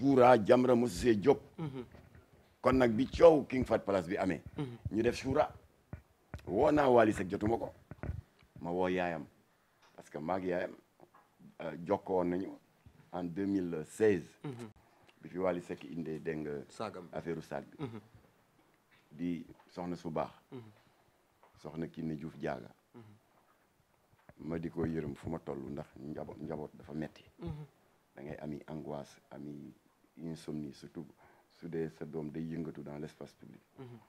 suura jamra mosu see jóg kon nag bi coow King Fahd Palace bi amee mhm. ñu def suura woo naa Wally Seck jotuma ko ma woo yaayam parce que maag yaayam euh, jokkoo woon nañu en 2016 mhm. bi fi Wally Seck indee dégg nga saagam affaire saag mhm. di soxna su baax soxna Kiné Diouf Diaga ma di ko yërëm fu ma ndax njaboot njaboot dafa metti da ami angoisse insomnie surtout su dee sa doom day yëngatu dans l' public. Mm-hmm.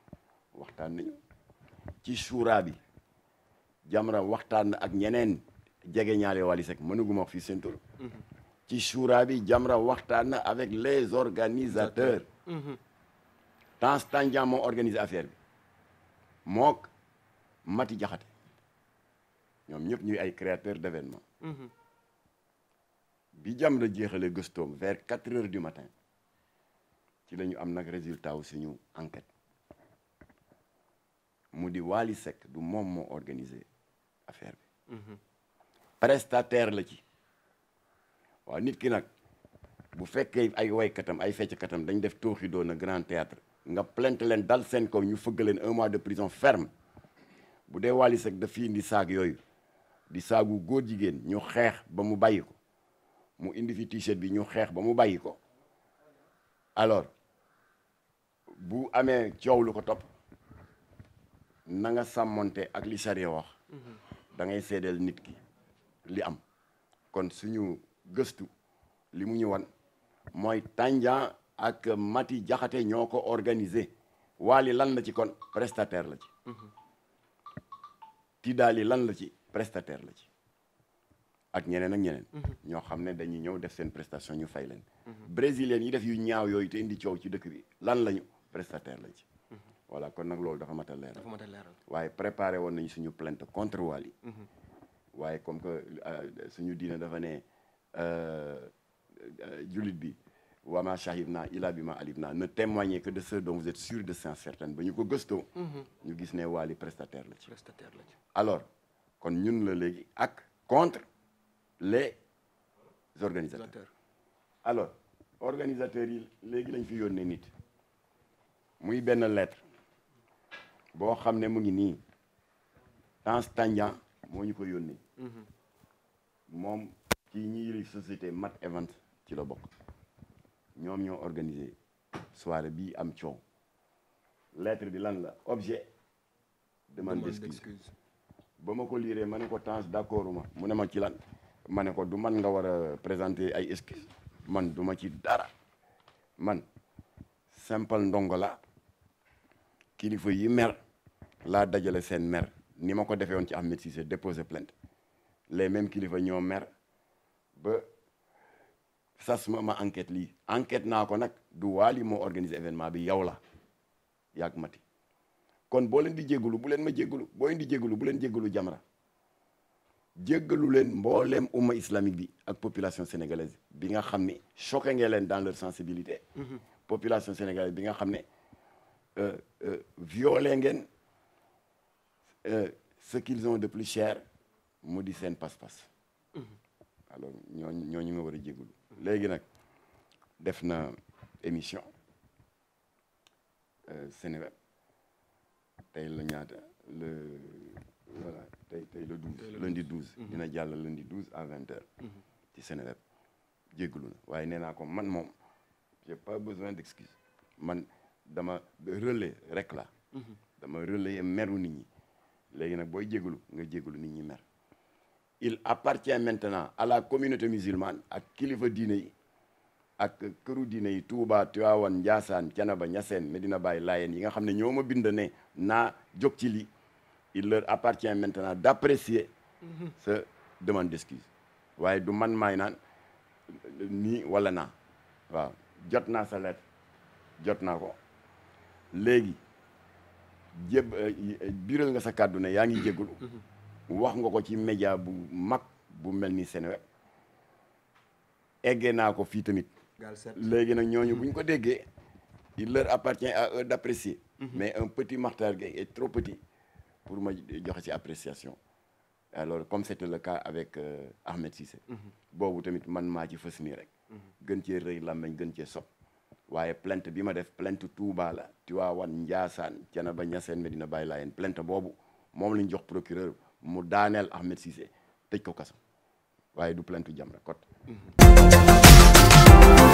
waxtaan nañu ci suuraa bi Jamra waxtaan na ak ñeneen jege ñaale Wally Seck mënuguma wax fii seen tur. Mm-hmm. ci suuraa bi Jamra waxtaan na avec les organisateurs. Mm-hmm. Tange Tandian moo organisé affaire bi mook Mati Jaxate ñoom ñëpp ñuy ay créateurs d' bi jam la jeexalee gëstoom vers quatre heures du matin ci la am nag résultat wu suñu enquête mu di Wally Seck du moom moo organisé affaire bi. Mhm. prestataire la ci. waaw nit ki nag bu fekkee ay waykatam ay fecckatam dañ def tooxi doon na grand théâtre nga plainte leen dal seen kaw ñu fëgg leen un mois de prison ferme bu dee Wally Seck daf fi indi saag yooyu di saagu góor jigéen ñu xeex ba mu bàyyi ko. mu indi fi t bi ñu xeex ba mu bàyyi ko alors bu amee coow lu ko topp nanga sàmmoonte ak li charia wax mhm. da ngay seedeel nit ki li am kon suñu gëstu li mu ñu wan mooy Tandian ak Mati Jaxate ñoo ko organisé Wally lan la ci kon prestataire la ci mhm. Tidali lan la ci prestataire la ci ak ñeneen ak ñeneen. Mhm. ñoo xam ne dañuy ñëw def seen prestation ñu fay leen. Mhm. brésiliens yi def yu ñaaw yooyu te indi coow ci dëkk lan lañu prestataire lañ ci. Mhm. kon nag loolu dafa mat a leeral. dafa mat a leeral waaye préparé woon nañu suñu plainte contre Wally. waaye comme que euh, suñu diine dafa ne euh, euh, jullit bi wa ma shahidna illa bima alimna ne témoignez que de ce dont vous êtes sûr de science certaine ba ñu ko gëstoo. ñu gis ne Wally prestataire la ci alors kon ñun la léegi ak contre. les organisateurs alors organisateur yi léegi lañ fi yónnee nit muy benn lettre boo xam ne mu ngi nii Tange Tandian moo ñu ko yónnee mhm. moom ci ñi société Mat Event ci la bokk ñoom ñoo organisé soire bii am coow lettre bi lan la objet demande d'excuse ba ma ko liiree ma ne ko Tange d'accord ma mu ne ma ci lan ma ne ko du man nga war a présenter ay esquisse man duma ci dara man simple ndongo la kilifa yi mer laa dajale seen mer ni ma ko defee ci ci Ahmed Cissé déposé plainte les même kilifa ñoo mer ba sas ma ma enquête lii enquête naa ko nag du waali moo organiser événement bi yow la yàgg mati kon boo leen di jégalu bu leen ma jégalu boo indi di bu leen jégalu Jamra jéggalu leen mbooleem umma islamique bi ak population sénégalaise bi nga xam ne choqué ngeen leen dans leur sensibilité mhm. population sénégalaise bi nga xam ne euh, euh, violé ngeen euh, ce qu'ils ont de plus cher mu di seen passe-passe mhm. alors ñooñu ñooñu nga war a jéggalu léegi nag def na émission Seneweb tey la ñaata le tey tey le 12 lundi 12 mhm. dina jàll lundi 12 à 20 heures mhm. ci Seneweb jégglu na waaye nee naa ko man moom j'ai pas besoin d'excuse man dama relais rek la mhm. dama relayer meru nit ñi léegi nag booy jégalu nga jégalu nit ñi mer il appartient maintenant à la communauté musulmane ak kilifa diina yi ak këru diine yi Touba Tivaouane Ndiassane Thiénaba ñaseen Medina Baye Layène yi nga xam ne ñoo ma bind ne naa jóg ci il leur appartient maintenant d'apprécier ce demande d'excuse waaye du man maay naan nii walla naa waaw jot naa sa lettre jot naa ko léegi jéb euh, biiral nga sa kàdduna yaa ngi jégalu wax nga ko ci média bu mag bu mel ni Seneweb eggee naa ko fii tamit léegi nag ñooñu buñ ko déggee il leur appartient à eux d'apprécier mhm. mais un petit Makhtar Gueye est trop petit pour ma joxe ci appréciation alors comme c'était le cas avec euh, Ahmed Cissé mhm. boobu tamit man maa ci fës nii rek mhm. gën cee rëy làmmeñ gën cee sob waaye plainte bi ma def plainte bala la wan Njaasaan Thiénaba Ñaseen Medina Baye Laayeen plainte boobu moom lañ jox procureur mu daaneel Ahmed Cissé tëj ko kaso waaye du plainte Jamra Code mhm.